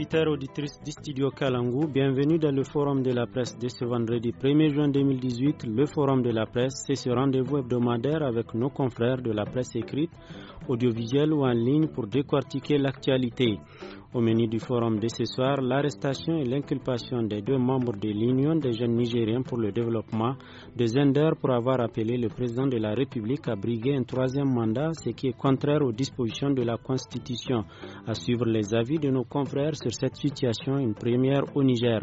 auditeurs, auditrices du studio Kalangou, bienvenue dans le forum de la presse de ce vendredi 1er juin 2018. Le forum de la presse, c'est ce rendez-vous hebdomadaire avec nos confrères de la presse écrite, audiovisuelle ou en ligne pour décortiquer l'actualité. Au menu du forum de ce soir, l'arrestation et l'inculpation des deux membres de l'Union des jeunes Nigériens pour le développement de Zender pour avoir appelé le président de la République à briguer un troisième mandat, ce qui est contraire aux dispositions de la Constitution. À suivre les avis de nos confrères sur cette situation, une première au Niger.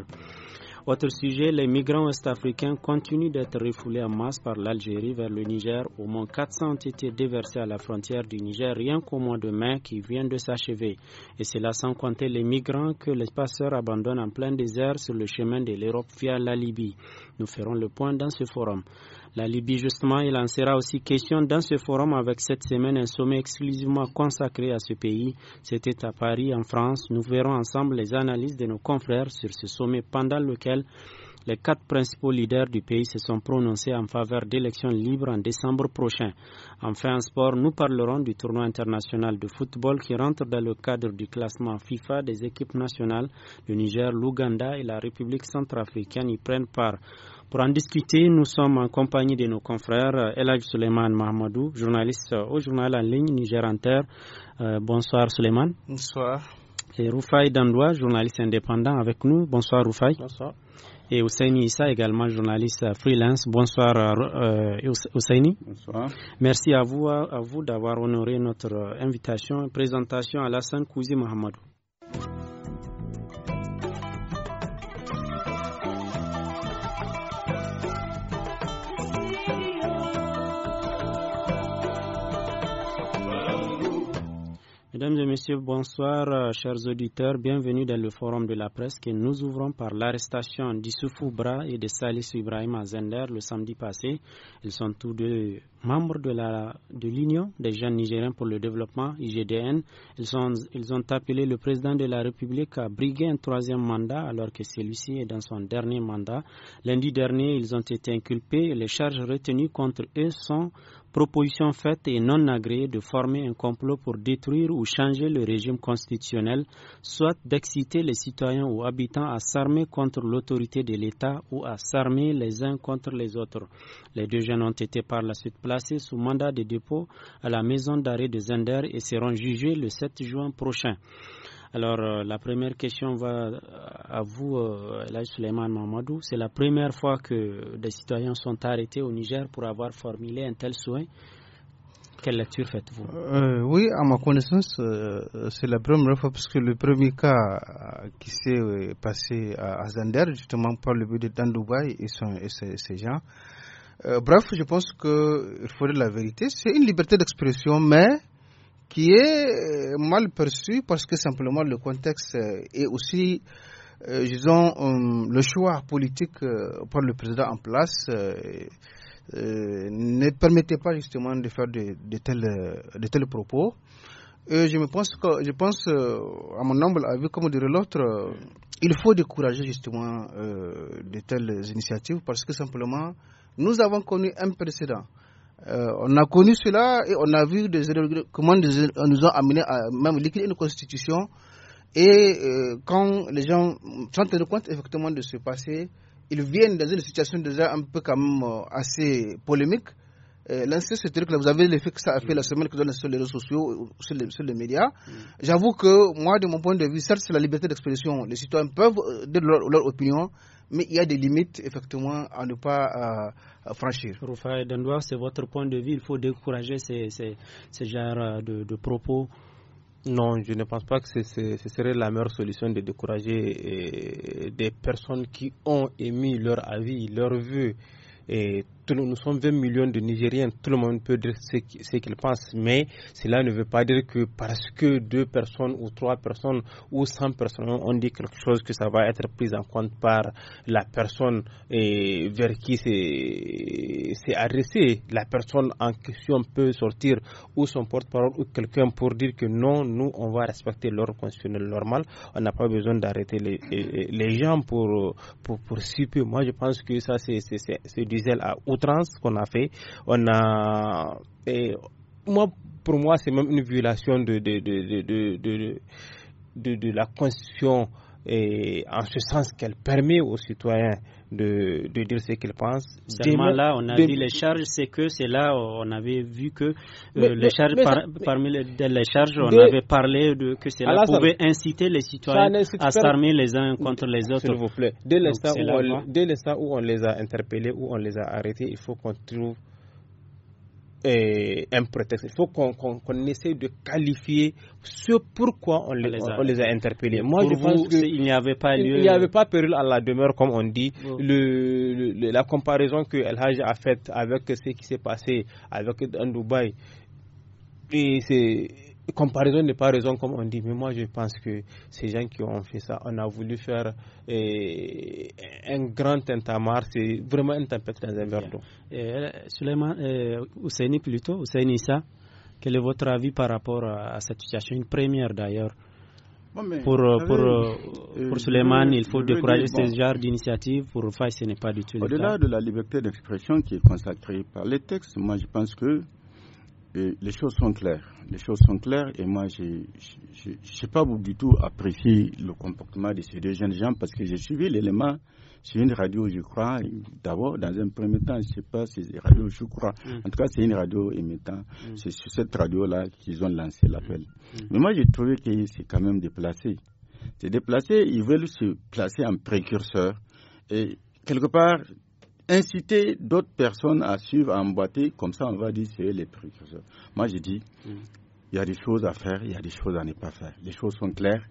Autre sujet, les migrants ouest-africains continuent d'être refoulés en masse par l'Algérie vers le Niger. Au moins 400 ont été déversés à la frontière du Niger rien qu'au mois de mai qui vient de s'achever. Et cela sans compter les migrants que les passeurs abandonnent en plein désert sur le chemin de l'Europe via la Libye. Nous ferons le point dans ce forum. La Libye, justement, il en sera aussi question dans ce forum avec cette semaine un sommet exclusivement consacré à ce pays. C'était à Paris, en France. Nous verrons ensemble les analyses de nos confrères sur ce sommet pendant lequel les quatre principaux leaders du pays se sont prononcés en faveur d'élections libres en décembre prochain. Enfin, en sport, nous parlerons du tournoi international de football qui rentre dans le cadre du classement FIFA des équipes nationales. Le Niger, l'Ouganda et la République centrafricaine y prennent part. Pour en discuter, nous sommes en compagnie de nos confrères euh, Elag Suleiman Mahmoudou, journaliste euh, au journal en ligne Niger euh, bonsoir Suleiman. Bonsoir. Et Roufaï Dandoua, journaliste indépendant avec nous. Bonsoir Roufaï. Bonsoir. Et Ousseini Issa, également journaliste freelance. Bonsoir Bonsoir. Merci à vous, d'avoir honoré notre invitation. Présentation à sainte Kouzi Mahmoudou. Mesdames et Messieurs, bonsoir, euh, chers auditeurs. Bienvenue dans le forum de la presse que nous ouvrons par l'arrestation d'Issoufou Bra et de Salis Ibrahim Azender le samedi passé. Ils sont tous deux membres de l'Union des jeunes nigériens pour le développement, IGDN. Ils ont, appelé le président de la République à briguer un troisième mandat alors que celui-ci est dans son dernier mandat. Lundi dernier, ils ont été inculpés et les charges retenues contre eux sont proposition faites et non agréées de former un complot pour détruire ou changer le régime constitutionnel, soit d'exciter les citoyens ou habitants à s'armer contre l'autorité de l'État ou à s'armer les uns contre les autres. Les deux jeunes ont été par la suite placés sous mandat de dépôt à la maison d'arrêt de Zender et seront jugés le 7 juin prochain. Alors, euh, la première question va euh, à vous, euh, Suleiman Mamadou. C'est la première fois que des citoyens sont arrêtés au Niger pour avoir formulé un tel souhait. Quelle lecture faites-vous euh, Oui, à ma connaissance, c'est la première fois parce que le premier cas qui s'est passé à, Zander, justement par le but de Dandoubaï et, ses gens, euh, bref, je pense qu'il faut dire la vérité. C'est une liberté d'expression, mais qui est euh, mal perçue parce que simplement le contexte et euh, aussi disons, le choix politique par le président en place ne permettait pas justement de faire de, tels, de tels, propos. je, me pense que, je pense, à mon humble avis, comme dirait l'autre, il faut décourager justement de telles initiatives parce que simplement nous avons connu un précédent. Euh, on a connu cela et on a vu comment nous ont amené à même liquider une constitution. Et euh, quand les gens sont rendent compte effectivement de ce passé, ils viennent dans une situation déjà un peu quand même euh, assez polémique euh, lancer ce truc que Vous avez l'effet que ça a fait la semaine que donne sur les réseaux sociaux, sur les, médias. Mm. J'avoue que moi, de mon point de vue, certes, c'est la liberté d'expression. Les citoyens peuvent euh, donner leur, opinion, mais il y a des limites, effectivement, à ne pas euh, franchir. c'est votre point de vue. Il faut décourager ces, ces, genres euh, de, propos. Non, je ne pense pas que ce, serait la meilleure solution de décourager des personnes qui ont émis leur avis, leur vue et nous sommes 20 millions de Nigériens, tout le monde peut dire ce, qu'il pense, mais cela ne veut pas dire que parce que deux personnes ou trois personnes ou 100 personnes ont dit quelque chose que ça va être pris en compte par la personne et vers qui c'est adressé. La personne en question peut sortir ou son porte-parole ou quelqu'un pour dire que non, nous, on va respecter l'ordre constitutionnel normal. On n'a pas besoin d'arrêter les, gens pour, pour, pour si peu. Moi, je pense que ça, c'est du zèle à haute trans qu'on a fait. On a. Et moi, pour moi, c'est même une violation de, de, la Constitution, et en ce sens qu'elle permet aux citoyens de, de dire ce qu'ils pensent. Seulement là, on a dit les charges, c'est que c'est là on avait vu que euh, les charges, parmi les, charges, on avait parlé de, que cela pouvait inciter les citoyens à s'armer les uns contre les autres. S'il vous plaît, dès l'instant où, où on les a interpellés, où on les a arrêtés, il faut qu'on trouve euh, un prétexte. Il faut qu'on essaie de qualifier ce pourquoi on les, a, interpellés. Moi, je pense qu'il n'y avait pas lieu. Il n'y avait pas péril à la demeure, comme on dit. Le, la comparaison que El Hajj a faite avec ce qui s'est passé avec, en Dubaï, et c'est comparaison n'est pas raison, comme on dit, mais moi je pense que ces gens qui ont fait ça, on a voulu faire eh, un grand tintamarre, c'est vraiment un tempête dans un verre d'eau. Eh, eh, Ousseini plutôt, Ousseini Issa, quel est votre avis par rapport à, cette situation, une première d'ailleurs pour, Suleiman, il faut décourager ce genre d'initiative. Pour Faye, ce n'est pas du tout Au-delà de la liberté d'expression qui est consacrée par les textes, moi je pense que les choses sont claires. Les choses sont claires et moi, je n'ai pas du tout apprécié le comportement de ces deux jeunes gens parce que j'ai suivi l'élément sur une radio, je crois, d'abord, dans un premier temps, je ne sais pas si c'est une radio, je crois. Mm. En tout cas, c'est une radio émettant. Mm. C'est sur cette radio-là qu'ils ont lancé l'appel. Mm. Mais moi, j'ai trouvé que c'est quand même déplacé. C'est déplacé, ils veulent se placer en précurseur. Et quelque part, inciter d'autres personnes à suivre, à emboîter, comme ça on va dire c'est les précurseurs. Moi je dis, mm. il y a des choses à faire, il y a des choses à ne pas faire. Les choses sont claires.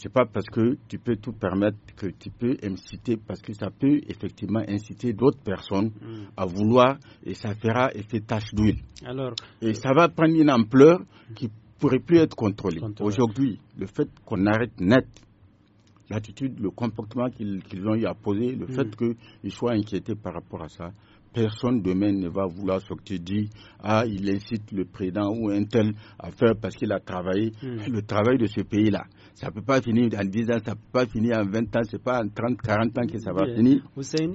C'est pas parce que tu peux tout permettre que tu peux inciter, parce que ça peut effectivement inciter d'autres personnes mm. à vouloir et ça fera effet tache d'huile. et ça va prendre une ampleur mm. qui ne pourrait plus être contrôlée. Aujourd'hui, le fait qu'on arrête net l'attitude, le comportement qu'ils ont eu à poser, le mm. fait qu'ils soient inquiétés par rapport à ça, personne demain ne va vouloir sortir dit ah il incite le président ou un tel à faire parce qu'il a travaillé hmm. le travail de ce pays là ça peut pas finir en 10 ans ça peut pas finir en 20 ans n'est pas en 30 40 ans que ça va finir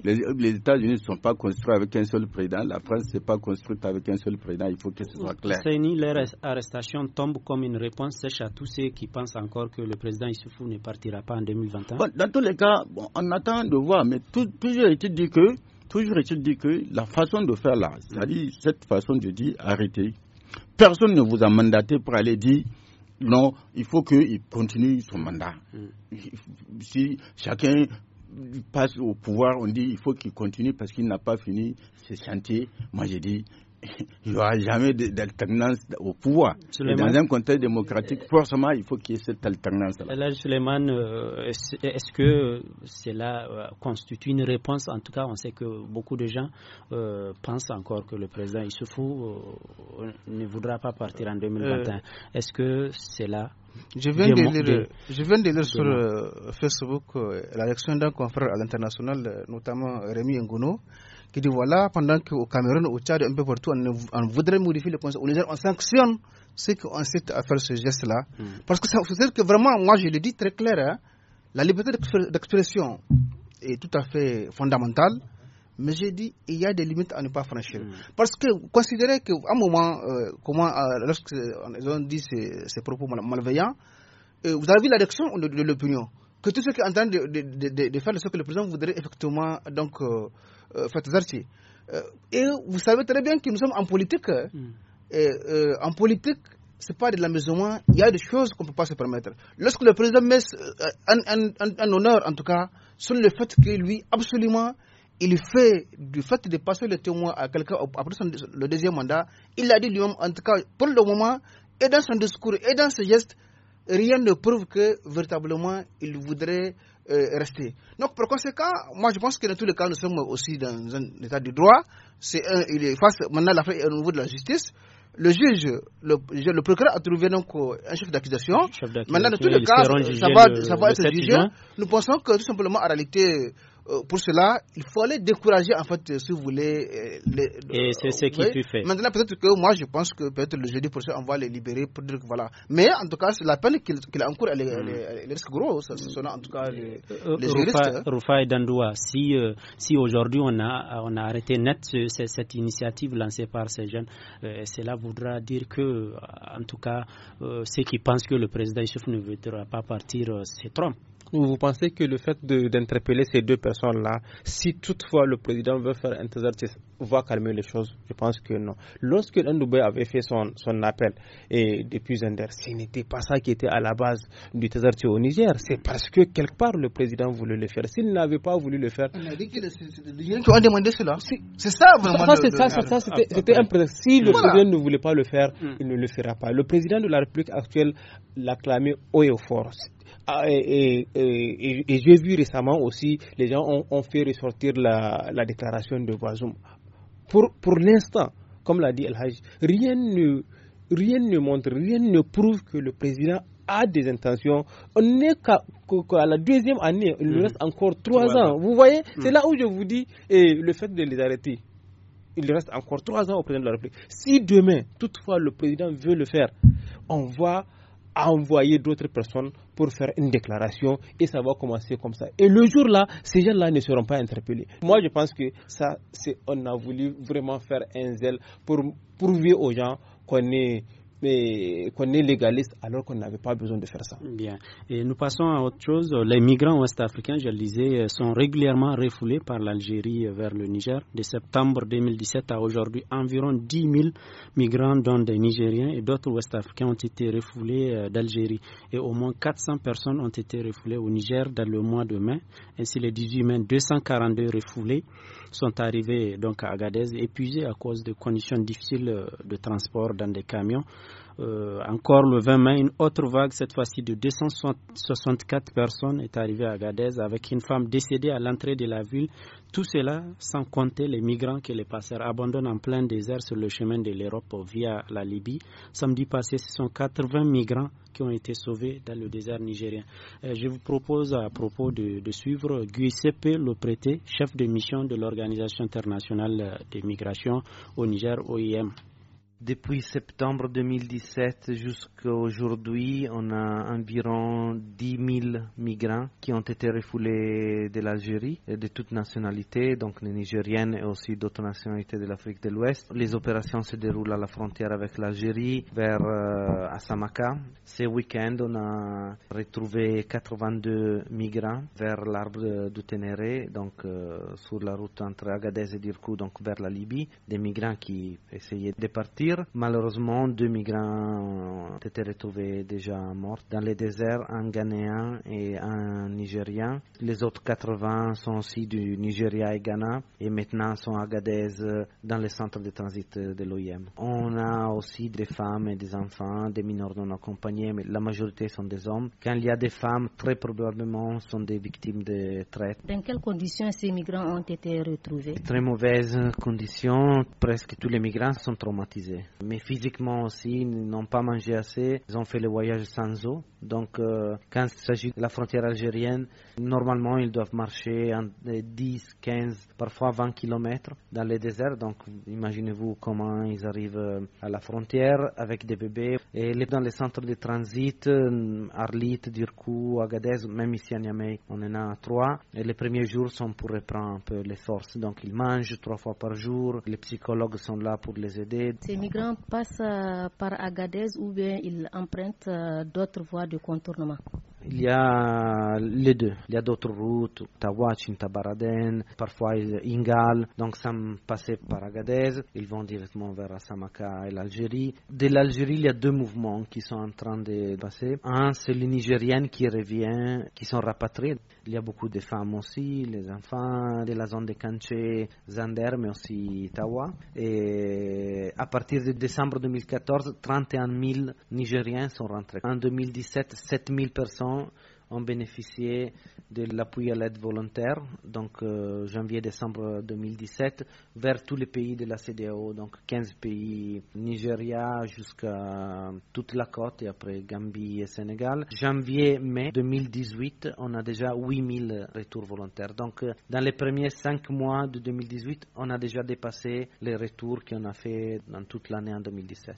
les, États-Unis ne sont pas construits avec un seul président la France n'est pas construite avec un seul président il faut que ce soit clair Hussein, leur arrestation tombe comme une réponse sèche à tous ceux qui pensent encore que le président Issoufou ne partira pas en 2021 dans tous les cas on attend de voir mais tout, est été dit que Toujours est-il dit que la façon de faire là, c'est-à-dire cette façon de dire arrêtez, personne ne vous a mandaté pour aller dire non, il faut qu'il continue son mandat. Mm. Si chacun passe au pouvoir, on dit il faut qu'il continue parce qu'il n'a pas fini ses chantiers. Moi, j'ai dit il n'y aura jamais d'alternance au pouvoir. dans un contexte démocratique, forcément, il faut qu'il y ait cette alternance-là. le Suleiman, euh, est-ce que cela euh, constitue une réponse En tout cas, on sait que beaucoup de gens euh, pensent encore que le président Issoufou fout, ne voudra pas partir en 2021. est-ce que cela je viens, de lire, je viens de sur Facebook l'élection la d'un confrère à l'international, notamment Rémi Nguno, qui dit voilà, pendant qu'au Cameroun, au Tchad, un peu partout, on, voudrait modifier le point on sanctionne ceux qui incitent à faire ce geste-là. Hmm. Parce que ça veut que vraiment, moi je le dis très clair, hein, la liberté d'expression est tout à fait fondamentale. Mais j'ai dit, il y a des limites à ne pas franchir. Hmm. Parce que, considérez qu'à un moment, euh, comment, euh, lorsqu'ils ont dit ces, propos malveillants, euh, vous avez vu la de l'opinion que tout ce qui est de, de, de, de, faire ce que le président voudrait effectivement donc euh, euh, faire euh, et vous savez très bien que nous sommes en politique. Hein. Hmm. Et, en politique, c'est pas de l'amusement. Il y a des choses qu'on ne peut pas se permettre. Lorsque le président met un, honneur, en tout cas, sur le fait que lui, absolument, il fait du fait de passer le témoin à quelqu'un après son, le deuxième mandat, il a dit lui-même, en tout cas, pour le moment, et dans son discours, et dans ses gestes, rien ne prouve que véritablement il voudrait euh, rester. Donc, par conséquent, moi je pense que dans tous les cas, nous sommes aussi dans un état de droit. C'est un, il est face maintenant l'affaire au niveau de la justice. Le juge, le, le procureur a trouvé donc euh, un chef d'accusation. Maintenant, dans tous les cas, ça va, le, ça Nous pensons que tout simplement, en réalité, euh, pour cela, il faut aller décourager, en fait, euh, si vous voulez. Euh, les, et c'est ce qui peut fait. Maintenant, peut-être que moi, je pense que peut-être le jeudi prochain, on va les libérer pour dire que voilà. Mais en tout cas, l'appel qu'il a en cours, elle, risque gros. en tout cas les, les juristes. Hein. Rufai Dandoua, si, si aujourd'hui on a, on a arrêté net cette, initiative lancée par ces jeunes, cela voudra dire que, en tout cas, ceux qui pensent que le président Issouf ne voudra pas partir c'est Trump vous pensez que le fait d'interpeller ces deux personnes-là, si toutefois le président veut faire un exercice, va calmer les choses Je pense que non. Lorsque Ndoubé avait fait son, appel et depuis Zender, ce n'était pas ça qui était à la base du Tazarti au Niger. C'est parce que quelque part le président voulait le faire. S'il n'avait pas voulu le faire. On a dit que demandé cela. C'est ça vraiment. Ah, c'était un Si le président ne voulait pas le faire, hmm. il ne le fera pas. Le président de la République actuelle l'a clamé haut et fort. Ah, et, j'ai vu récemment aussi, les gens ont, fait ressortir la, déclaration de Bazoum. Pour, pour l'instant, comme l'a dit El Hajj, rien ne, rien ne montre, rien ne prouve que le président a des intentions. On n'est qu'à la deuxième année, il nous mm-hmm. reste encore trois ans. Vous voyez, mm. c'est là où je vous dis le fait de les arrêter. Il reste encore trois ans au président de la République. Si demain, toutefois, le président veut le faire, on voit à envoyer d'autres personnes pour faire une déclaration et ça va commencer comme ça. Et le jour-là, ces gens-là ne seront pas interpellés. Moi, je pense que ça, c'est on a voulu vraiment faire un zèle pour prouver aux gens qu'on est mais qu'on est légaliste alors qu'on n'avait pas besoin de faire ça. Bien. Et nous passons à autre chose. Les migrants ouest-africains, je le disais, sont régulièrement refoulés par l'Algérie vers le Niger. De septembre 2017 à aujourd'hui, environ 10 000 migrants, dont des Nigériens et d'autres ouest-africains, ont été refoulés euh, d'Algérie. Et au moins 400 personnes ont été refoulées au Niger dans le mois de mai. Ainsi, le 18 mai, 242 refoulés sont arrivés donc à Agadez épuisés à cause de conditions difficiles euh, de transport dans des camions. Euh, encore le 20 mai, une autre vague, cette fois-ci de 264 personnes, est arrivée à Gadez avec une femme décédée à l'entrée de la ville. Tout cela sans compter les migrants que les passeurs abandonnent en plein désert sur le chemin de l'Europe via la Libye. Samedi passé, ce sont 80 migrants qui ont été sauvés dans le désert nigérien. Euh, je vous propose à propos de, suivre Guy Sepe Lopreté, chef de mission de l'Organisation internationale des migrations au Niger, OIM. Depuis septembre 2017 jusqu'à aujourd'hui, on a environ 10 000 migrants qui ont été refoulés de l'Algérie, de toutes nationalités, donc les Nigériennes et aussi d'autres nationalités de l'Afrique de l'Ouest. Les opérations se déroulent à la frontière avec l'Algérie, vers Asamaka. Euh, Assamaka. Ce week-end, on a retrouvé 82 migrants vers l'arbre du Ténéré, donc euh, sur la route entre Agadez et Dirkou, donc vers la Libye, des migrants qui essayaient de partir Malheureusement, deux migrants ont été retrouvés déjà morts dans les déserts, un Ghanéen et un Nigérien. Les autres 80 sont aussi du Nigeria et Ghana et maintenant sont à Gadez euh, dans le centres de transit euh, de l'OIM. On a aussi des femmes et des enfants, des mineurs non accompagnés, mais la majorité sont des hommes. Quand il y a des femmes, très probablement sont des victimes de traite. Dans quelles conditions ces migrants ont été retrouvés Très mauvaises conditions. Presque tous les migrants sont traumatisés mais physiquement aussi, ils n'ont pas mangé assez. Ils ont fait le voyage sans eau. Donc, euh, quand il s'agit de la frontière algérienne, normalement, ils doivent marcher 10, 15, euh, parfois 20 km dans les déserts. Donc, imaginez-vous comment ils arrivent euh, à la frontière avec des bébés. Et dans les centres de transit, Arlit, Dirkou, Agadez, même ici à Niamey, on en a trois. Et les premiers jours sont pour reprendre un peu les forces. Donc, ils mangent trois fois par jour. Les psychologues sont là pour les aider. Ces migrants passent par Agadez ou bien ils empruntent d'autres voies de contournement il y a les deux. Il y a d'autres routes, Tawachin, Tabaraden, parfois Ingal. Donc, ça passe par Agadez, ils vont directement vers Asamaka et l'Algérie. De l'Algérie, il y a deux mouvements qui sont en train de passer. Un, c'est les Nigériennes qui reviennent, qui sont rapatriées. Il y a beaucoup de femmes aussi, les enfants de la zone de Kanché, Zander, mais aussi Tawa. Et à partir de décembre 2014, 31 000 Nigériens sont rentrés. En 2017, 7 000 personnes ont bénéficié de l'appui à l'aide volontaire, donc euh, janvier-décembre 2017, vers tous les pays de la CDAO, donc 15 pays, Nigeria jusqu'à toute la côte et après Gambie et Sénégal. Janvier-mai 2018, on a déjà 8000 retours volontaires. Donc euh, dans les premiers 5 mois de 2018, on a déjà dépassé les retours qu'on a fait dans toute l'année en 2017.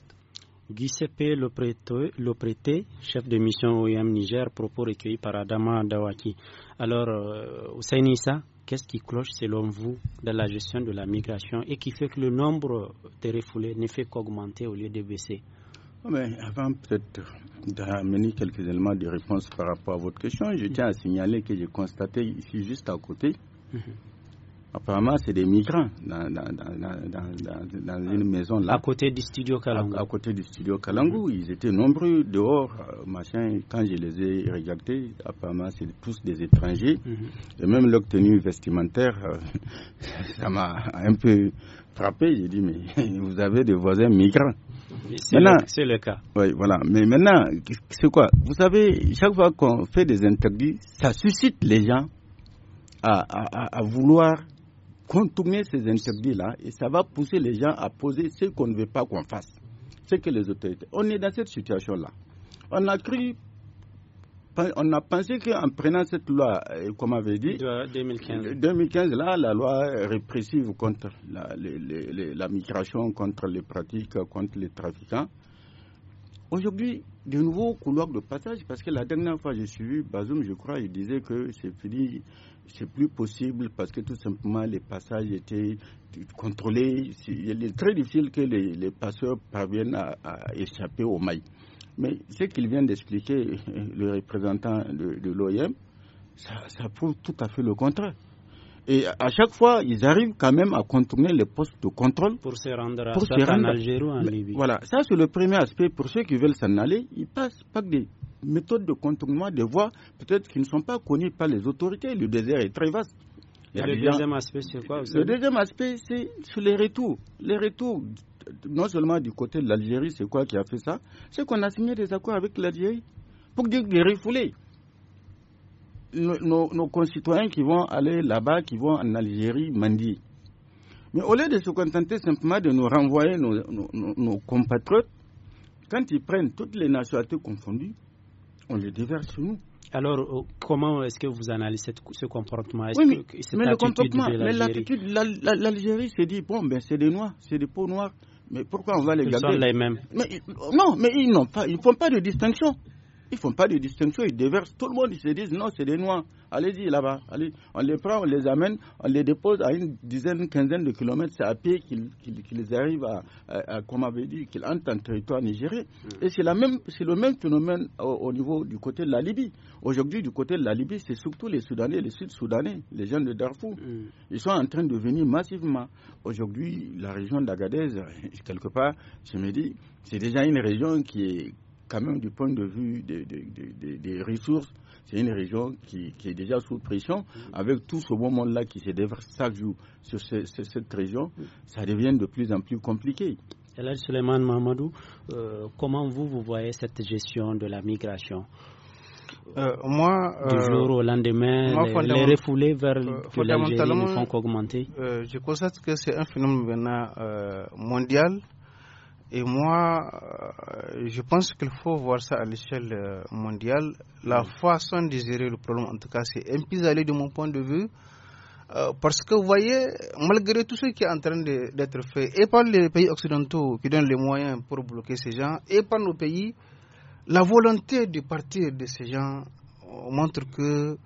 Giuseppe Lopreté, chef de mission OIM e Niger, propos recueillis par Adama Dawaki. Alors, euh, Ousainissa, qu'est-ce qui cloche selon vous dans la gestion de la migration et qui fait que le nombre de refoulés ne fait qu'augmenter au lieu de baisser oh, mais avant peut-être d'amener quelques éléments de réponse par rapport à votre question, je tiens à signaler que j'ai constaté ici juste à côté mhm. Apparemment, c'est des migrants dans, une ah, maison là. À côté du studio Kalangu. À, côté du studio Kalangu. Ils étaient nombreux dehors, euh, machin. Quand je les ai regardés, apparemment, c'est tous des étrangers. Mhm. Et même leur tenue vestimentaire, euh, ça m'a un peu frappé. J'ai dit, mais vous avez des voisins migrants. c'est le, cas. Oui, voilà. Mais maintenant, c'est quoi Vous savez, chaque fois qu'on fait des interdits, ça suscite les gens à vouloir contourner ces interdits-là et ça va pousser les gens à poser ce qu'on ne veut pas qu'on fasse, ce que les autorités. On est dans cette situation-là. On a cru, on a pensé qu'en prenant cette loi, euh, comme on avait dit, 2015, 2015 euh, là, la loi répressive contre la, migration, contre les pratiques, contre les trafiquants, Aujourd'hui, de nouveau couloir de passage, parce que la dernière fois j'ai suivi Bazoum, je crois, il disait que c'est fini c'est plus possible parce que tout simplement les passages étaient contrôlés. Il est très difficile que les, passeurs parviennent à, échapper au mail. Mais ce qu'il vient d'expliquer, le représentant de, l'OIM, ça prouve tout à fait le contraire. Et à chaque fois, ils arrivent quand même à contourner les postes de contrôle. Pour se rendre, à en Algérie ou en Libye. Voilà, ça c'est le premier aspect. Pour ceux qui veulent s'en aller, ils passent par des méthodes de contournement, des voies peut-être qui ne sont pas connues par les autorités. Le désert est très vaste. Et le, deuxième aspect, quoi, le deuxième aspect, c'est sur les retours. Les retours, non seulement du côté de l'Algérie, c'est quoi qui a fait ça C'est qu'on a signé des accords avec l'Algérie pour dire des refoulés nos, concitoyens qui vont aller là-bas, qui vont en Algérie, Mandi. Mais au lieu de se contenter simplement de nous renvoyer nos, compatriotes, quand ils prennent toutes les nationalités confondues, on les déverse sur nous. Alors, euh, comment est-ce que vous analysez ce comportement oui, mais, le comportement, l'attitude, l'Algérie s'est dit bon, ben c'est des noirs, c'est des peaux noires, mais pourquoi on va les ils garder sont les mêmes. non, mais ils n'ont font pas de distinction. Ils font pas de distinction, ils déversent. Tout le monde, ils se disent non, c'est des noirs. Allez-y là-bas. Allez. On les prend, on les amène, on les dépose à une dizaine, quinzaine de kilomètres. C'est à pied qu'ils arrivent à, à, avait dit, qu'ils entrent en territoire nigérien. Mm. Et c'est le même phénomène au, niveau du côté de la Libye. Aujourd'hui, du côté de la Libye, c'est surtout les Soudanais, les Sud-Soudanais, les gens de Darfour. Mm. Ils sont en train de venir massivement. Aujourd'hui, la région d'Agadez, quelque part, je me dis, c'est déjà une région qui est quand même du point de vue des, ressources, c'est une région qui, est déjà sous pression. Mm. Avec tout ce bon monde-là qui se déverse chaque jour sur cette région, mm. ça devient de plus en plus compliqué. Alors, Suleiman Mamadou, euh, comment vous, vous voyez cette gestion de la migration euh, moi, euh, du jour au lendemain, les, refoulés vers l'Algérie ne font qu'augmenter. je constate que c'est un phénomène mondial et moi, euh, je pense qu'il faut voir ça à l'échelle euh, mondiale. La façon de gérer le problème, en tout cas, c'est un de mon point de vue. Euh, parce que vous voyez, malgré tout ce qui est en train d'être fait, et par les pays occidentaux qui donnent les moyens pour bloquer ces gens, et par nos pays, la volonté de partir de ces gens montre que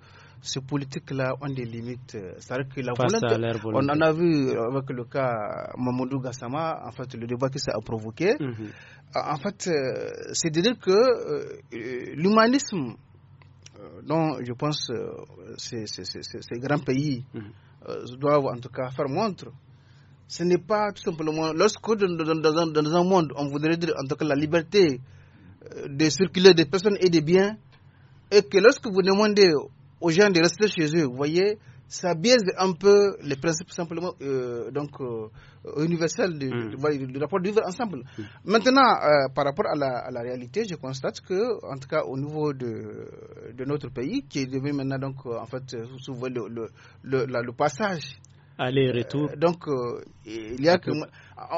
ces politiques-là ont des limites. Euh, cest à que la volonté, on en a vu euh, avec le cas Mamoudou Gassama, en fait, le débat que ça a provoqué. Mhm. Euh, en fait, c'est de dire que l'humanisme dont je pense ces, grands pays mhm. doivent en tout cas faire montre, ce n'est pas tout simplement. Lorsque dans, dans, un monde, on voudrait dire en tout cas la liberté de circuler des personnes et des biens, et que lorsque vous demandez aux gens de rester chez eux. Vous voyez, ça biaise un peu les principes simplement euh, donc euh, universels hmm. du, rapport de vivre ensemble. Hmm. Maintenant, euh, par rapport à la, réalité, je constate que, en tout cas au niveau de, de notre pays, qui est devenu maintenant donc en fait souvent le, le, le, passage aller-retour. donc il y a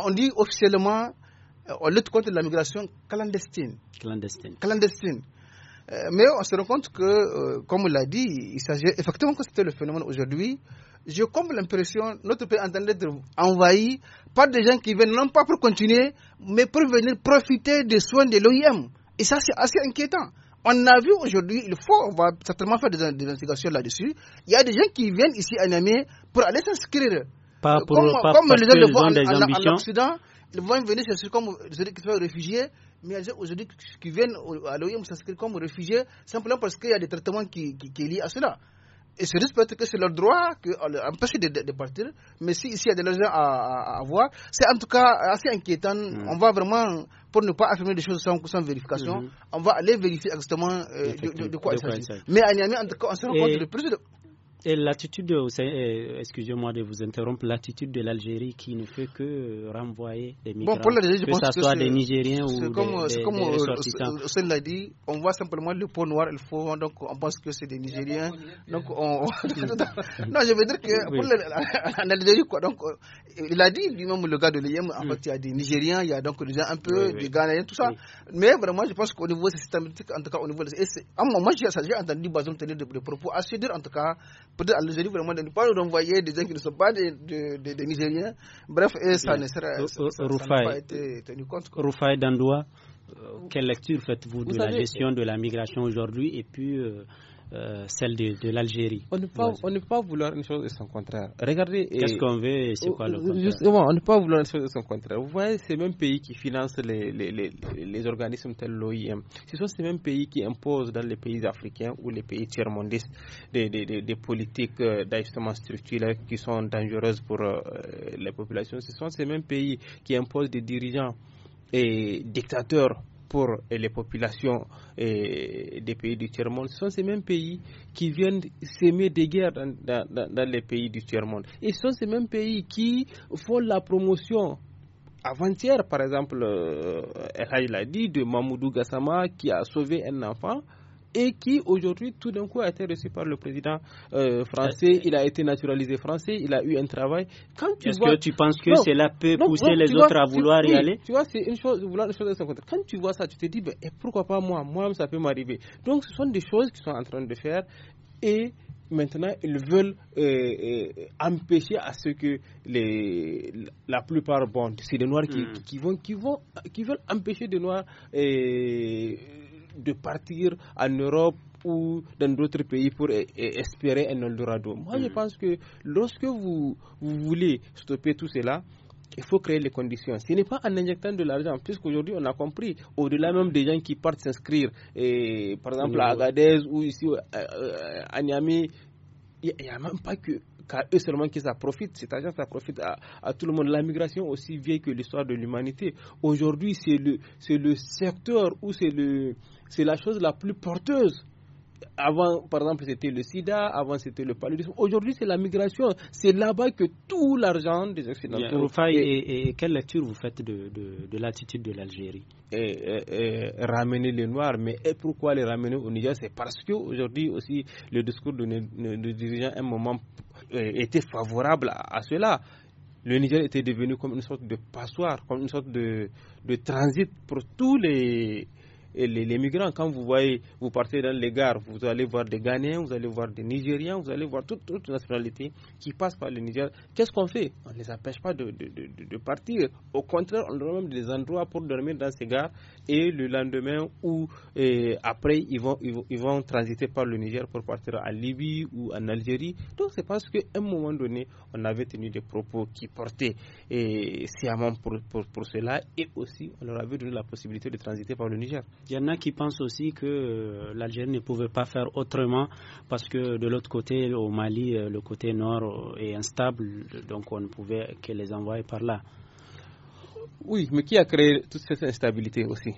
on dit officiellement on lutte contre la migration clandestine. Clandestine. Clandestine. Euh, mais on se rend compte que, euh, comme on l'a dit, il s'agit effectivement que c'était le phénomène aujourd'hui. J'ai comme l'impression notre pays est en train d'être envahi par des gens qui viennent non pas pour continuer, mais pour venir profiter des soins de l'OIM. Et ça, c'est assez inquiétant. On a vu aujourd'hui, il faut, on va certainement faire des, investigations là-dessus. Il y a des gens qui viennent ici à Namé pour aller s'inscrire. Pas pour, comme, les gens de l'Occident, ils vont venir chercher comme des réfugiés mais aujourd'hui qui viennent à l'OIM s'inscrire comme réfugiés simplement parce qu'il y a des traitements qui, liés à cela. Et ce risque peut-être que c'est leur droit qu'on euh, leur empêche de, partir, mais s'il y a des l'argent à, avoir, c'est en tout cas assez inquiétant. Hmm. On va vraiment, pour ne pas affirmer des choses sans, vérification, hmm. on va aller vérifier exactement euh, de, quoi il s'agit. Mais à Niamey, en tout cas, on se rend compte de et l'attitude, euh, excusez-moi de vous interrompre, l'attitude de l'Algérie qui ne fait que euh, renvoyer des migrants, bon, que ce soit des Nigériens ou comme, des, comme des euh, l'a dit, on voit simplement le pot noir, il faut, donc on pense que c'est des Nigériens. Donc on... non, je veux dire que pour donc, il a dit lui-même, le gars de l'IEM, en mm. fait, il y a des Nigériens, il y a donc des un peu, des Ghanéens, tout ça. Mais vraiment, je pense qu'au niveau systématique, en tout cas, au niveau de... Et à un moment, j'ai entendu Bazoum tenir des propos à dur dire, en tout cas, peut-être à l'Algérie, vraiment, de ne pas des gens qui ne sont pas des, des, Nigériens. Bref, ça ne sera euh, pas été tenu compte. Rufai Dandoua, euh, quelle lecture faites-vous de la gestion de la migration aujourd'hui et puis euh, euh, celle de, l'Algérie. On ne peut pas, vouloir une chose et son contraire. Regardez. Euh, Qu'est-ce qu'on veut et c'est quoi le contraire on ne peut pas vouloir une chose et son contraire. Vous voyez, ces mêmes pays qui financent les, les, les, organismes tels l'OIM, ce sont ces mêmes pays qui imposent dans les pays africains ou les pays tiers-mondistes des, des, des, politiques euh, d'ajustement structurel qui sont dangereuses pour les populations. Ce sont ces mêmes pays qui imposent des dirigeants et dictateurs pour euh, les populations euh, des pays du tiers-monde, ce sont ces mêmes pays qui viennent s'aimer des guerres dans, les pays du tiers-monde. Et ce sont ces mêmes pays qui font la promotion avant-hier, par exemple, euh, l'a dit, de Mamoudou Gassama qui a sauvé un enfant et qui aujourd'hui tout d'un coup a été reçu par le président euh, français, il a été naturalisé français, il a eu un travail. Est-ce que tu penses que cela peut pousser les autres à vouloir y aller Tu vois, c'est une chose, vouloir une chose de côté. Quand tu vois ça, tu te dis, ben, et eh, pourquoi pas moi Moi, ça peut m'arriver. Donc, ce sont des choses qu'ils sont en train de faire et maintenant ils veulent euh, euh, empêcher à ce que les, la plupart bon c'est des noirs hmm. qui, vont qui vont qui veulent empêcher des noirs de partir en Europe ou dans d'autres pays pour e-, e-, espérer un Eldorado. Moi, je mm. pense que lorsque vous, voulez stopper tout cela, il faut créer les conditions. Ce n'est pas en injectant de l'argent, puisqu'aujourd'hui, on a compris, au-delà même des gens qui partent s'inscrire, par exemple à Agadez ou ici euh, euh, à Niamey, il n'y a, même pas que eux seulement qui ça profite, cet argent ça profite à, tout le monde. La migration aussi vieille que l'histoire de l'humanité. Aujourd'hui, c'est le, le secteur où c'est le, c'est la chose la plus porteuse. Avant, par exemple, c'était le sida, avant, c'était le paludisme. Aujourd'hui, c'est la migration. C'est là-bas que tout l'argent des Occidentaux. Et, et, quelle lecture vous faites de, l'attitude de l'Algérie Ramener les Noirs. Mais pourquoi les ramener au Niger C'est parce qu'aujourd'hui aussi, le discours de nos dirigeants, à un moment, euh, était favorable à, cela le Niger était devenu comme une sorte de passoire, comme une sorte de transit pour tous les, les, migrants, quand vous voyez, vous partez dans les gares, vous allez voir des Ghanéens, vous allez voir des Nigériens, vous allez voir toutes toute nationalités qui passent par le Niger. Qu'est-ce qu'on fait On ne les empêche pas de, partir. Au contraire, on leur donne des endroits pour dormir dans ces gares et le lendemain ou après, ils vont, transiter par le Niger pour partir à Libye ou en Algérie. Donc c'est parce qu'à un moment donné, on avait tenu des propos qui portaient sciemment pour cela et aussi on leur avait donné la possibilité de transiter par le Niger. Il y en a qui pensent aussi que euh, l'Algérie ne pouvait pas faire autrement parce que de l'autre côté, au Mali, euh, le côté nord euh, est instable, donc on ne pouvait que les envoyer par là. Oui, mais qui a créé toute cette instabilité aussi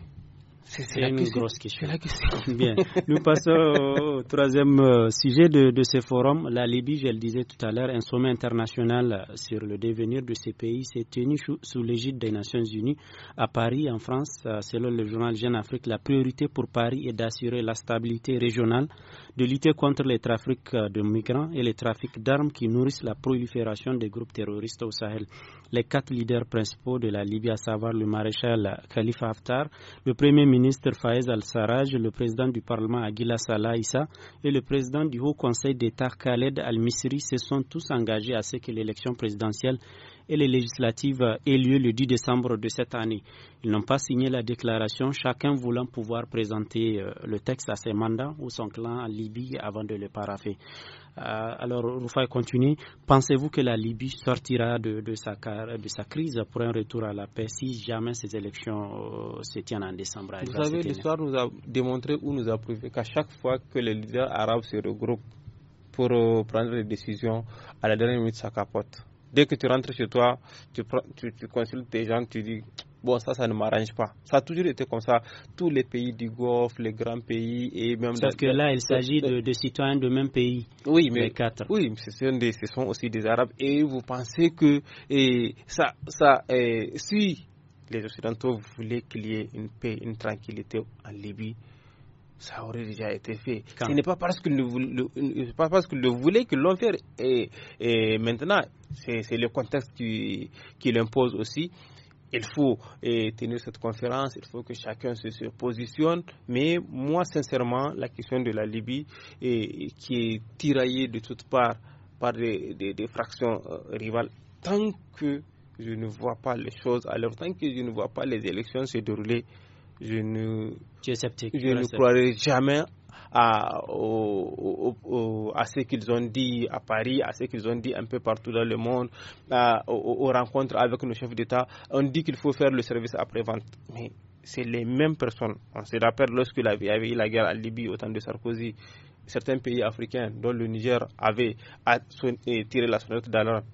c'est une grosse question. Nous passons au troisième euh, sujet de, ce forum. La Libye, je le disais tout à l'heure, un sommet international sur le devenir de ces pays s'est tenu sous, l'égide des Nations Unies à Paris, en France. Euh, selon le journal Jeune Afrique, la priorité pour Paris est d'assurer la stabilité régionale, de lutter contre les trafics euh, de migrants et les trafics d'armes qui nourrissent la prolifération des groupes terroristes au Sahel. Les quatre leaders principaux de la Libye, à savoir le maréchal Khalifa Haftar, le premier ministre ministre Faez Al-Sarraj, le président du Parlement Aguila Salah Issa et le président du Haut Conseil d'État Khaled Al-Misri se sont tous engagés à ce que l'élection présidentielle et les législatives aient lieu le 10 décembre de cette année. Ils n'ont pas signé la déclaration, chacun voulant pouvoir présenter euh, le texte à ses mandats ou son clan en Libye avant de le paraffer. Euh, alors, Rufai continue. Pensez-vous que la Libye sortira de, de, sa, crise pour un retour à la paix si jamais ces élections euh, se tiennent en décembre Vous savez, l'histoire nous a démontré ou nous a prouvé qu'à chaque fois que les leaders arabes se regroupent pour euh, prendre des décisions, à la dernière minute, ça capote. Dès que tu rentres chez toi, tu consultes tes gens, tu dis Bon, ça, ça ne m'arrange pas. Ça a toujours été comme ça. Tous les pays du Golfe, les grands pays et même... Sauf que là, il s'agit de, citoyens de même pays. Oui, mais... quatre. Oui, ce sont, ce sont aussi des Arabes. Et vous pensez que et ça... ça si les Occidentaux voulaient qu'il y ait une paix, une tranquillité en Libye, ça aurait déjà été fait. Ce n'est pas parce qu'ils le, pas parce que le voulait que fait. Et, et maintenant, c'est le contexte qui, qui l'impose aussi il faut euh, tenir cette conférence, il faut que chacun se, positionne. Mais moi, sincèrement, la question de la Libye, euh, qui est tiraillée de toutes parts par des, des, fractions euh, rivales, tant que je ne vois pas les choses, alors tant que je ne vois pas les élections se dérouler, je ne, je ne croirai jamais à, ce qu'ils ont dit à Paris, à ce qu'ils ont dit un peu partout dans le monde, aux, rencontres avec nos chefs d'État. On dit qu'il faut faire le service après-vente. Mais c'est les mêmes personnes. On se rappelle lorsque il y avait eu la guerre en Libye au temps de Sarkozy, certains pays africains, dont le Niger, avaient euh, tiré la sonnette d'alarme.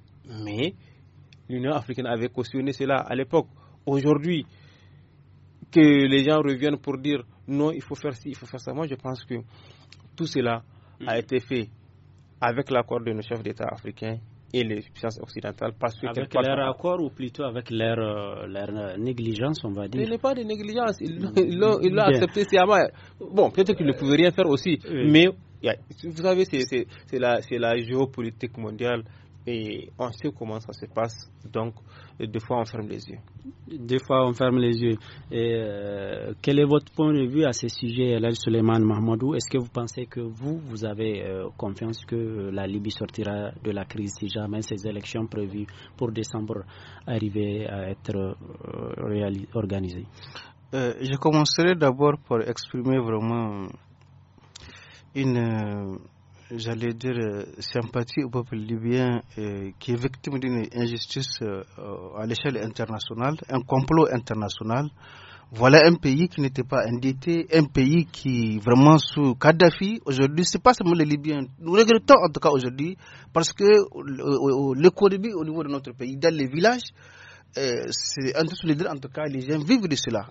Mais l'Union africaine avait cautionné cela à l'époque. Aujourd'hui, que les gens reviennent pour dire non, il faut faire ci, il faut faire ça. Moi, je pense que tout cela a mm. été fait avec l'accord de nos chefs d'État africains et les puissances occidentales. Parce que avec leur accord ou plutôt avec leur, euh, euh, négligence, on va dire. Il n'est pas de négligence. Il mm. l'a accepté Bon, peut-être qu'il ne pouvait rien faire aussi. Mais vous savez, c'est la, géopolitique mondiale et on sait comment ça se passe. Donc, des fois, on ferme les yeux. Des fois, on ferme les yeux. Et, euh, quel est votre point de vue à ce sujet, Elal Suleiman Mahmoudou Est-ce que vous pensez que vous, vous avez euh, confiance que la Libye sortira de la crise si jamais ces élections prévues pour décembre arrivaient à être euh, organisées Je commencerai d'abord par exprimer vraiment une j'allais dire, euh, sympathie au peuple libyen euh, qui est victime d'une injustice euh, à l'échelle internationale, un complot international. Voilà un pays qui n'était pas endetté, un pays qui vraiment sous Kadhafi, aujourd'hui, n'est pas seulement les Libyens. Nous regrettons en tout cas aujourd'hui parce que l'économie au niveau de notre pays, dans les villages, c'est un les en tout cas, les gens vivent de cela.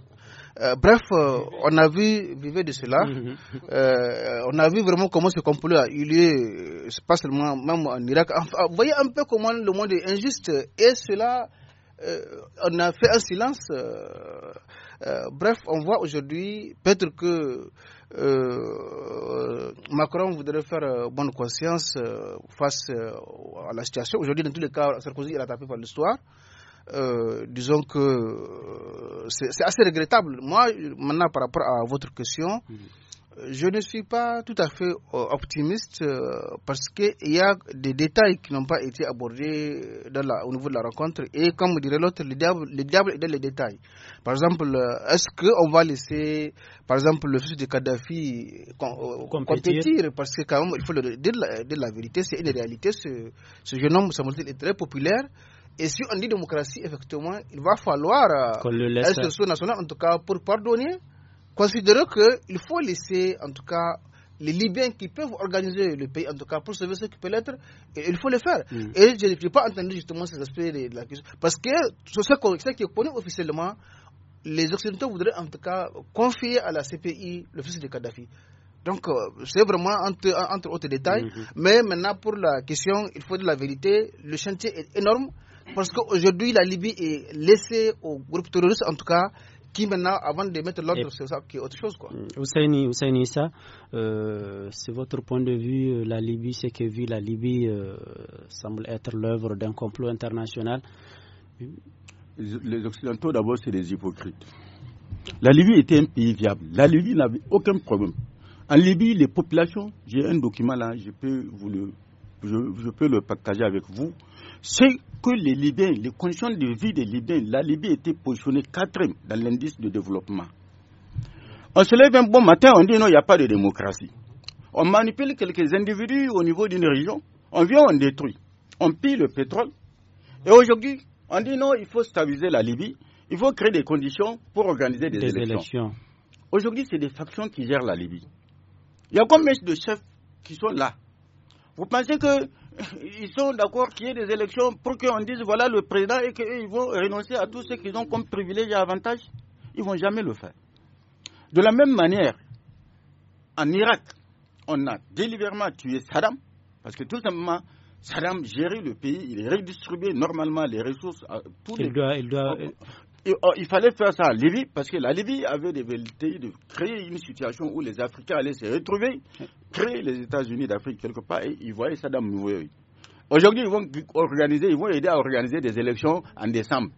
Euh, bref, euh, on a vu, vivez de cela, mhm. euh, on a vu vraiment comment ce complot a eu lieu, pas seulement même en Irak. voyez un peu comment le monde est injuste et cela, on a fait un silence. bref, on voit aujourd'hui, peut-être que Macron voudrait faire bonne conscience face à la situation. Aujourd'hui, dans tous les cas, Sarkozy, est a tapé par l'histoire. Euh, disons que euh, c'est assez regrettable. Moi, maintenant, par rapport à votre question, mm. je ne suis pas tout à fait euh, optimiste parce qu'il y a des détails qui n'ont pas été abordés au niveau de la rencontre. Et comme dirait l'autre, le diable, est dans les détails. Par exemple, est-ce qu'on va laisser, par exemple, le fils de Kadhafi compétir. Parce que quand même, il faut dire, la, vérité, c'est une réalité. Ce, jeune homme, Samuel, est très populaire. Et si on dit démocratie, effectivement, il va falloir euh, sur le national, en tout cas, pour pardonner, considérer qu'il faut laisser, en tout cas, les Libyens qui peuvent organiser le pays, en tout cas pour sauver ce qui peut l'être, il faut le faire. Mm. Et je n'ai pas entendu justement ces aspects de, la question. Parce que sur ce qui est connu officiellement, les Occidentaux voudraient en tout cas confier à la CPI le fils de Kadhafi. Donc, euh, c'est vraiment entre, autres détails. Mm-hmm. Mais maintenant, pour la question, il faut de la vérité. Le chantier est énorme. Parce qu'aujourd'hui, la Libye est laissée au groupe terroristes, en tout cas, qui maintenant, avant de mettre l'ordre sur ça, qui est autre chose. Quoi. Ousseini, mm. euh, c'est votre point de vue, euh, la Libye, c'est que vit la Libye euh, semble être l'œuvre d'un complot international. Les Occidentaux, d'abord, c'est des hypocrites. La Libye était un pays viable. La Libye n'avait aucun problème. En Libye, les populations, j'ai un document là, je peux, vous le, je peux le partager avec vous c'est que les Libyens, les conditions de vie des Libyens, la Libye était positionnée quatrième dans l'indice de développement. On se lève un bon matin, on dit non, il n'y a pas de démocratie. On manipule quelques individus au niveau d'une région, on vient, on détruit, on pille le pétrole. Et aujourd'hui, on dit non, il faut stabiliser la Libye, il faut créer des conditions pour organiser des, élections. élections. Aujourd'hui, c'est des factions qui gèrent la Libye. Il y a combien de chefs qui sont là Vous pensez que ils sont d'accord qu'il y ait des élections pour qu'on dise voilà le président et qu'ils vont renoncer à tout ce qu'ils ont comme privilège et avantage. Ils ne vont jamais le faire. De la même manière, en Irak, on a délibérément tué Saddam, parce que tout simplement, Saddam gérait le pays, il redistribuait normalement les ressources à tous les... Doit, Oh, il fallait faire ça à Libye, parce que la Libye avait des de créer une situation où les Africains allaient se retrouver, créer les États-Unis d'Afrique quelque part, et ils voyaient le nouveau. Aujourd'hui, ils vont organiser, ils vont aider à organiser des élections en décembre.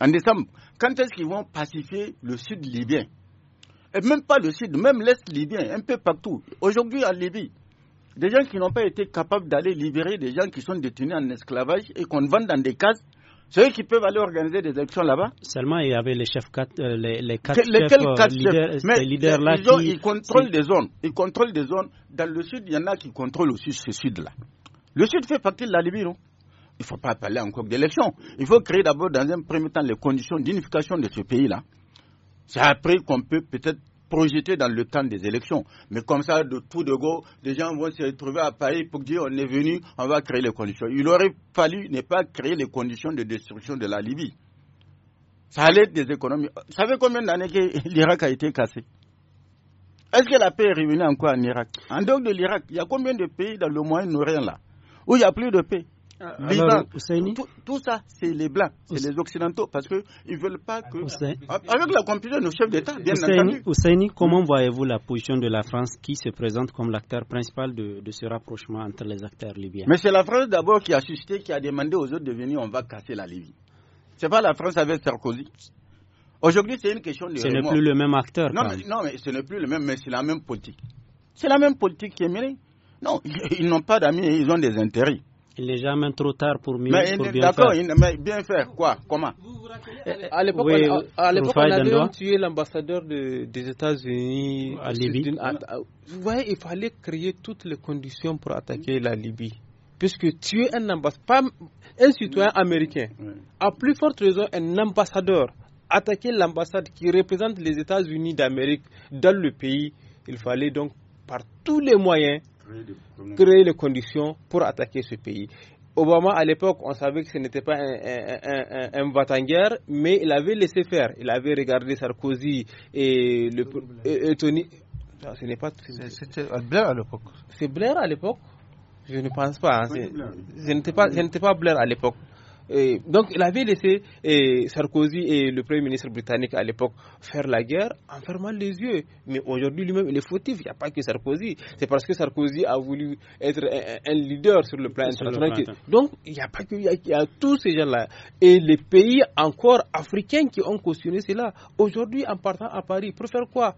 En décembre, quand est-ce qu'ils vont pacifier le sud libyen Et même pas le sud, même l'est libyen, un peu partout. Aujourd'hui, en Libye, des gens qui n'ont pas été capables d'aller libérer des gens qui sont détenus en esclavage et qu'on vend dans des cases c'est eux qui peuvent aller organiser des élections là-bas. Seulement, il y avait les chefs, quatre, euh, les, quatre chefs, euh, leaders, euh, mais leaders là ils, ils contrôlent des zones. Ils contrôlent des zones. Dans le sud, il y en a qui contrôlent aussi ce sud-là. Le sud fait partie de la Libye, non Il ne faut pas parler encore d'élections. Il faut créer d'abord, dans un premier temps, les conditions d'unification de ce pays-là. C'est après qu'on peut peut-être projeté dans le temps des élections. Mais comme ça, de tout de go, les gens vont se retrouver à Paris pour dire on est venu, on va créer les conditions. Il aurait fallu ne pas créer les conditions de destruction de la Libye. Ça allait être des économies. Vous savez combien d'années que l'Irak a été cassé Est-ce que la paix est revenue encore en Irak En dehors de l'Irak, il y a combien de pays dans le Moyen-Orient là où il n'y a plus de paix euh, tout, ça, c'est les blancs, c'est les occidentaux, parce qu'ils ne veulent pas que. Ah, avec la complicité de nos chefs d'État, bien comment voyez-vous la position de la France qui se présente comme l'acteur principal de, ce rapprochement entre les acteurs libyens Mais c'est la France d'abord qui a suscité, qui a demandé aux autres de venir, on va casser la Libye. C'est pas la France avec Sarkozy. Aujourd'hui, c'est une question de. Ce n'est plus le même acteur. Non, non mais ce n'est plus le même, mais c'est la même politique. C'est la même politique qui est menée. Non, ils n'ont pas d'amis, ils ont des intérêts. Il n'est jamais trop tard pour, mieux, mais pour bien d'accord, mais bien faire quoi Comment À l'époque, oui, à l'époque, on avait tué l'ambassadeur des États-Unis à Libye. vous voyez, il fallait créer toutes les conditions pour attaquer la Libye. Puisque tuer un un citoyen américain, à plus forte raison, un ambassadeur, attaquer l'ambassade qui représente les États-Unis d'Amérique dans le pays, il fallait donc par tous les moyens créer les conditions pour attaquer ce pays. Obama, à l'époque, on savait que ce n'était pas un, un, un, guerre mais il avait laissé faire. Il avait regardé Sarkozy et, le, Tony. C'était Blair à l'époque. C'est Blair à l'époque Je ne pense pas. Hein, je n'étais pas, pas Blair à l'époque donc, il avait laissé Sarkozy et le Premier ministre britannique à l'époque faire la guerre en fermant les yeux. Mais aujourd'hui, lui-même, il est fautif. Il n'y a pas que Sarkozy. C'est parce que Sarkozy a voulu être un, leader sur le plan international. Donc, il n'y a pas que. Il y a, tous ces gens-là. Et les pays encore africains qui ont cautionné cela. Aujourd'hui, en partant à Paris, pour faire quoi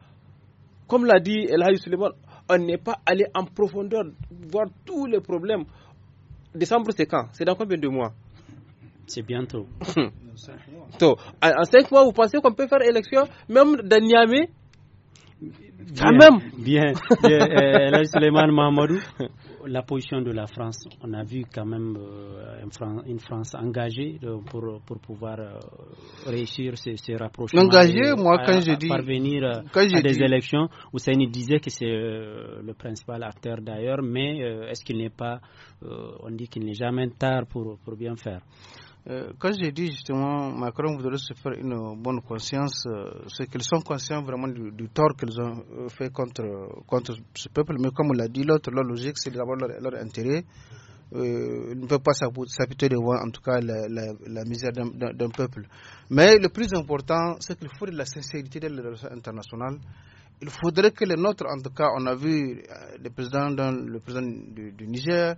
Comme l'a dit Elhaï Suleiman, on n'est pas allé en profondeur voir tous les problèmes. Décembre, c'est quand C'est dans combien de mois c'est bientôt. en cinq mois, vous pensez qu'on peut faire élection, même dans Niamey même Bien. Euh, la position de la France, on a vu quand même euh, une, France, engagée euh, pour, pour, pouvoir réussir ces, ces rapprochements. moi, quand Parvenir à des élections. Hussein disait que c'est le principal acteur d'ailleurs, mais est-ce qu'il n'est pas. on dit qu'il n'est jamais tard pour bien faire. Euh, quand j'ai dit justement, Macron voudrait se faire une bonne conscience, euh, c'est qu'ils sont conscients vraiment du, tort qu'ils ont euh, fait contre, contre ce peuple. Mais comme on l'a dit, l'autre, leur logique, c'est d'avoir leur, intérêt. ils ne peuvent pas de voir en tout cas, la, misère d'un peuple. Mais le plus important, c'est qu'il faut de la sincérité de la relation internationale. il faudrait que les nôtres, en tout cas, on a vu le président, le président du Niger,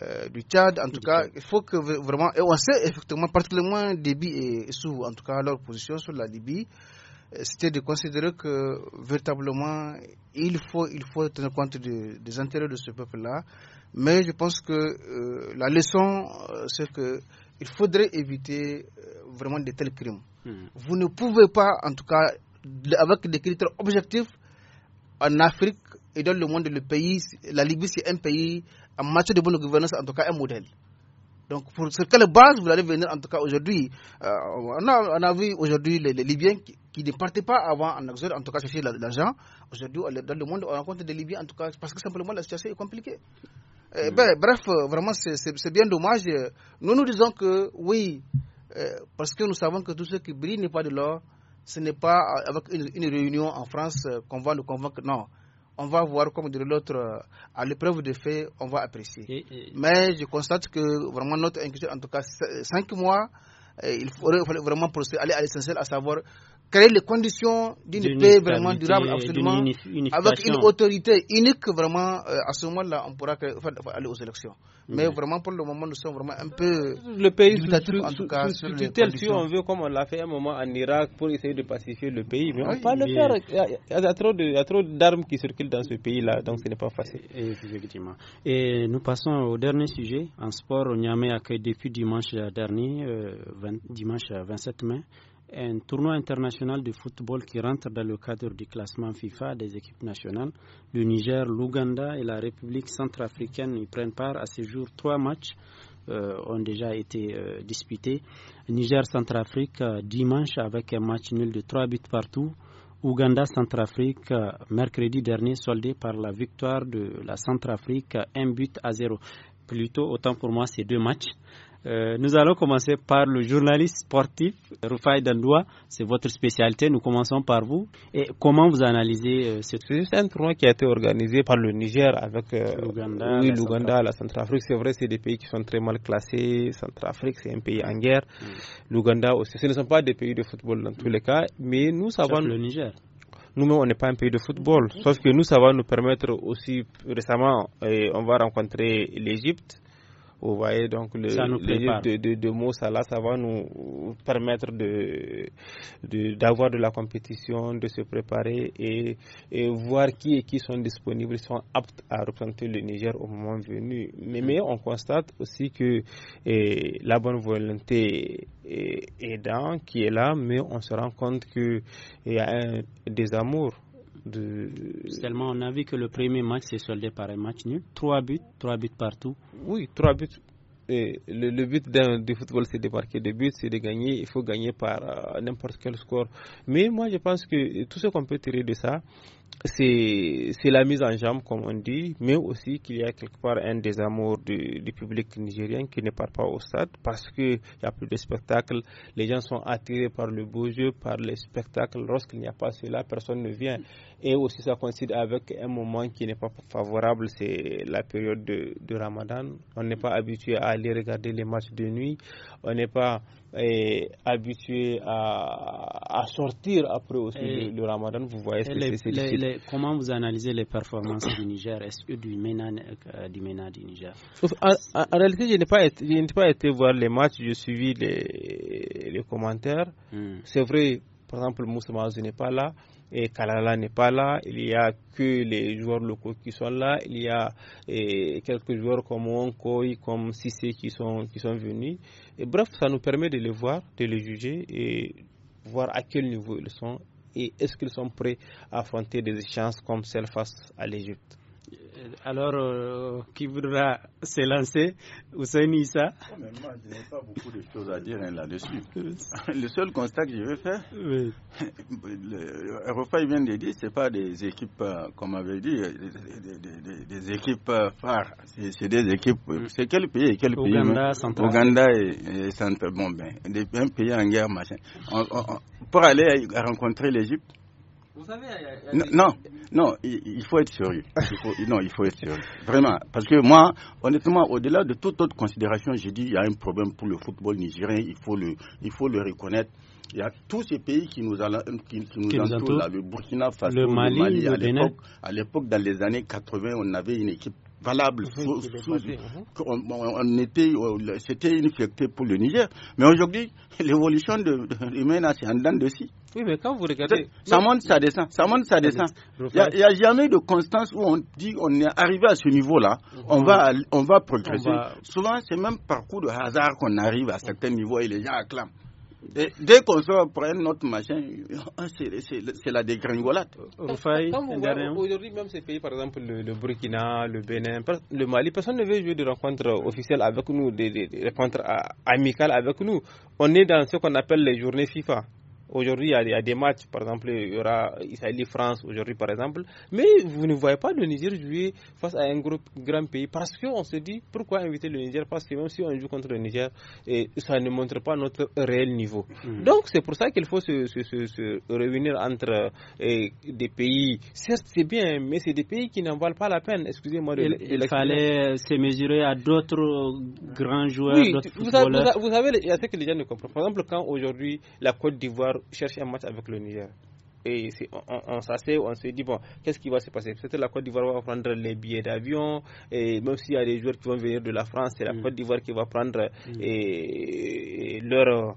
euh, du Tchad. En tout cas, il faut que vraiment, et on sait effectivement, particulièrement Déby et sous en tout cas leur position sur la Libye, euh, c'était de considérer que véritablement il faut, il faut tenir compte des intérêts de ce peuple-là. Mais je pense que euh, la leçon, c'est qu'il faudrait éviter vraiment de tels crimes. Hmm. Vous ne pouvez pas, en tout cas, avec des critères objectifs, en Afrique et dans le monde, le pays, la Libye, c'est un pays en matière de bonne gouvernance, en tout cas, un modèle. Donc, pour, sur quelle base vous allez venir, en tout cas, aujourd'hui euh, on, on, a, vu aujourd'hui les, Libyens qui, ne partaient pas avant en Exode, en tout cas, chercher l'argent. Aujourd'hui, dans le monde, on rencontre des Libyens, en tout cas, parce que simplement la situation est compliquée. Eh mm. ben, bref, euh, vraiment, c'est bien dommage. Nous nous disons que oui, euh, parce que nous savons que tout ce qui brille n'est pas de l'or. Ce n'est pas avec une, une, réunion en France qu'on va nous convaincre. Non on va voir comme dirait l'autre, euh, à l'épreuve des faits, on va apprécier. Mais je constate que vraiment notre inquiétude, en tout cas, cinq mois, euh, il faudrait vraiment procéder, aller à l'essentiel, à savoir créer les conditions d'une paix vraiment durable absolument avec une autorité unique vraiment euh, à ce moment-là on pourra aller aux élections mais vraiment pour le moment nous sommes vraiment un peu le pays en tout cas si on veut comme on l'a fait un moment en Irak pour essayer de pacifier le pays mais peut pas le faire il y, a, trop d'armes qui circulent dans ce pays là donc ce n'est pas facile effectivement et nous passons au dernier sujet en sport Niamey accueille depuis dimanche dernier euh, 20, dimanche 27 euh, mai un tournoi international de football qui rentre dans le cadre du classement FIFA des équipes nationales. Le Niger, l'Ouganda et la République centrafricaine y prennent part. À ce jour, trois matchs euh, ont déjà été euh, disputés. Niger-Centrafrique euh, dimanche avec un match nul de trois buts partout. Ouganda-Centrafrique mercredi dernier soldé par la victoire de la Centrafrique un but à zéro. Plutôt, autant pour moi, ces deux matchs. Euh, nous allons commencer par le journaliste sportif Rufai Dandoua. C'est votre spécialité. Nous commençons par vous. Et comment vous analysez euh, ce C'est un tournoi qui a été organisé par le Niger avec euh, l'Ouganda, oui, la, la Centrafrique. C'est vrai, c'est des pays qui sont très mal classés. Centrafrique, c'est un pays en guerre. Hmm. L'Ouganda aussi. Ce ne sont pas des pays de football dans tous les cas. Mais nous savons. le Niger nous-mêmes, on n'est pas un pays de football. Sauf que nous, ça va nous permettre aussi, récemment, on va rencontrer l'Égypte. Vous voyez donc le, le de, mots, ça ça va nous permettre d'avoir de, la compétition, de se préparer et, voir qui et qui sont disponibles, sont aptes à représenter le Niger au moment venu. Mais, on constate aussi que la bonne volonté est, qui est là, mais on se rend compte qu'il y a un, des amours de. Seulement, on a vu que le premier match s'est soldé par un match nul. Trois buts, trois buts partout. Oui, trois buts. Et le, but du football, c'est de marquer des buts, c'est de gagner. Il faut gagner par euh, n'importe quel score. Mais moi, je pense que tout ce qu'on peut tirer de ça, c'est la mise en jambe, comme on dit, mais aussi qu'il y a quelque part un désamour du, du public nigérien qui ne part pas au stade parce qu'il n'y a plus de spectacle. Les gens sont attirés par le beau jeu, par les spectacles. Lorsqu'il n'y a pas cela, personne ne vient. Et aussi, ça coïncide avec un moment qui n'est pas favorable, c'est la période de, de Ramadan. On n'est pas habitué à aller regarder les matchs de nuit. On n'est pas et habitué à, sortir après aussi le, ramadan, vous voyez ce que c'est. comment vous analysez les performances du Niger Est-ce que du MENA, euh, euh, du, du Niger en, réalité, je n'ai pas, été, voir les matchs, j'ai suivi les, commentaires. Hmm. C'est vrai, par exemple, Moussa Mazou n'est pas là et Kalala n'est pas là, il y a que les joueurs locaux qui sont là, il y a quelques joueurs comme Onkoi, comme Sissé qui sont, qui sont venus. Et bref, ça nous permet de les voir, de les juger et voir à quel niveau ils sont et est-ce qu'ils sont prêts à affronter des chances comme celle face à l'Égypte. Euh, alors euh, qui voudra s'élancer Hussein Issa mais Moi, je n'ai pas beaucoup de choses à dire hein, là-dessus. le seul constat que je veux faire, oui. Euh, vient de dire, ce pas des équipes, comme on avait dit, des, équipes phares. C'est des équipes. Mm. C'est quel pays quel Ouganda, pays et, et Centre. Bon, ben, un pays en guerre, machin. pour aller rencontrer l'Égypte, vous savez, il non, non, il, faut être sérieux. Il faut, non, il faut être sérieux. Vraiment. Parce que moi, honnêtement, au-delà de toute autre considération, j'ai dit il y a un problème pour le football nigérien, il faut le, il faut le reconnaître. Il y a tous ces pays qui nous, entourent, le Burkina Faso, le Mali, le Mali à l'époque, dans les années 80, on avait une équipe valable. Mhm. Mhm. Euh, c'était une fierté pour le Niger. Mais aujourd'hui, l'évolution de, de humaine, c'est en dents de si. Oui, mais quand vous regardez. Ça monte, ça descend. Ça monte, ça descend. Il n'y a, jamais de constance où on dit on est arrivé à ce niveau-là, mhm. on, va, on va progresser. Souvent, c'est même par coup de hasard qu'on arrive à certains niveaux et les gens acclament dès qu'on se prend notre machin, c'est la dégringolade. Euh, euh, aujourd'hui, même ces pays, par exemple, le, Burkina, le Bénin, le Mali, personne ne veut jouer de rencontres officielles avec nous, des rencontres amicales avec nous. On est dans ce qu'on appelle les journées FIFA. Aujourd'hui, il, y a des matchs, par exemple, il y aura Israël-France et aujourd'hui, par exemple. Mais vous ne voyez pas le Niger jouer face à un groupe, grand pays parce qu'on se dit pourquoi inviter le Niger Parce que même si on joue contre le Niger, et ça ne montre pas notre réel niveau. Hmm. Donc, c'est pour ça qu'il faut se, réunir entre des pays. Certes, c'est bien, mais c'est des pays qui n'en valent pas la peine. Excusez-moi Il, fallait se mesurer à d'autres grands joueurs. Oui, vous, avez, vous, il y a ce que les gens ne comprennent. Par exemple, quand aujourd'hui la Côte d'Ivoire chercher un match avec le Niger et on, on on se dit bon, qu'est-ce qui va se passer Peut-être la Côte d'Ivoire va prendre les billets d'avion, et même s'il y a des joueurs qui vont venir de la France, c'est la mm. Côte d'Ivoire qui va prendre mm. leurs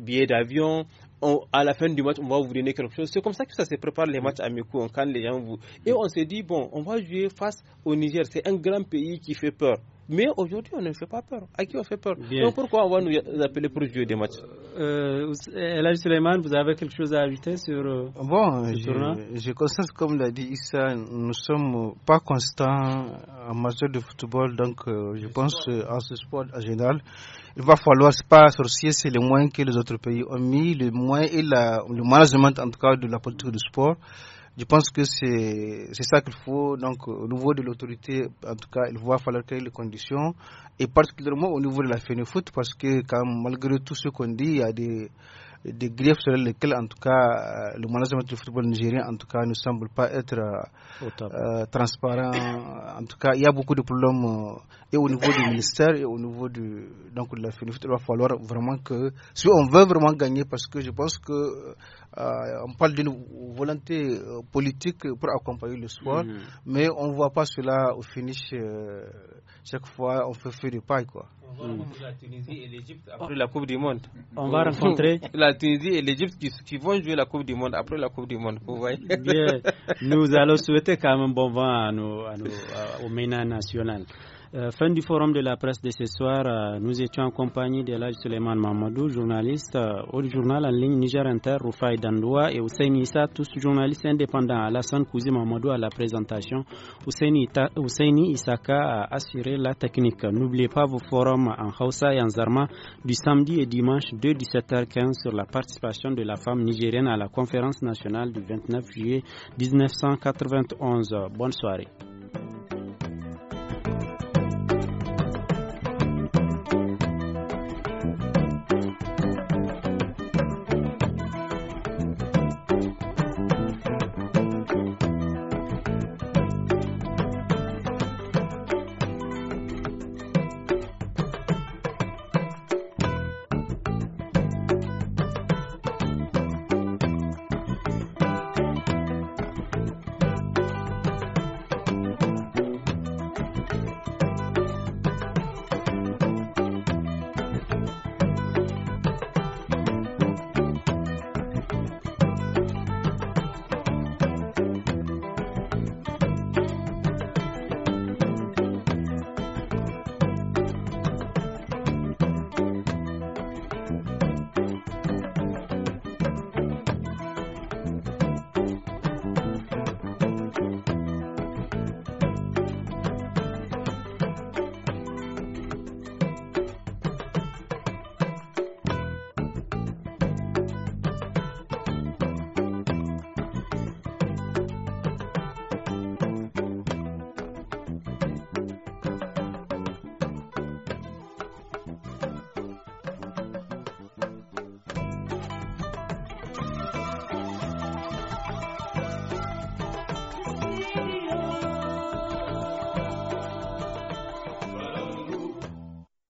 billets d'avion. à la fin du match, on va vous donner quelque chose. C'est comme ça que ça se prépare les mm. matchs amicaux. On calme les gens. Vous... Et on se dit, bon, on va jouer face au Niger. C'est un grand pays qui fait peur. Mais aujourd'hui, on ne fait pas peur. À qui on fait peur Donc pourquoi on va nous appeler pour jouer des matchs euh, euh Elhaj Suleiman, vous avez quelque chose à ajouter sur. Euh, bon, je, constate, comme l'a dit Issa, nous ne sommes pas constants en matière de football. Donc euh, je pense à en ce sport en général, il va falloir pas sorcier, c'est le moins que les autres pays ont mis, le moins, et le management en tout cas de la politique du sport. Je pense que c'est ça qu'il faut. Donc, euh, au niveau de l'autorité, en tout cas, il va falloir créer les conditions, et particulièrement au niveau de la foot, parce que quand, malgré tout ce qu'on dit, il y a des des griefs sur lesquels, en tout cas, euh, le management du football nigérien, en tout cas, ne semble pas être euh, euh, transparent. En tout cas, il y a beaucoup de problèmes et au niveau du ministère et au niveau du, donc, de la FNUFT. Il va falloir vraiment que, si on veut vraiment gagner, parce que je pense que on parle d'une volonté politique pour accompagner le sport, mm. mais on ne voit pas cela au finish chaque fois, on fait feu du paille, quoi. On va rencontrer la Tunisie et l'Égypte après la Coupe du Monde. On va rencontrer la Tunisie et l'Égypte qui, vont jouer la Coupe du Monde après la Coupe du Monde. Vous voyez Bien. Nous allons souhaiter quand même bon vent à nos, à nos, national. Euh, fin du forum de la presse de ce soir, euh, nous étions en compagnie de Suleiman Mamadou, journaliste euh, au journal en ligne Niger Inter, Rufai Dandoua et Hussein Issa, tous journalistes indépendants. Alassane Kouzi Mamadou à la présentation, Isaka a assuré la technique. N'oubliez pas vos forums en Hausa et en Zarma du samedi et dimanche de 17h15 sur la participation de la femme nigérienne à la conférence nationale du 29 juillet 1991. Bonne soirée.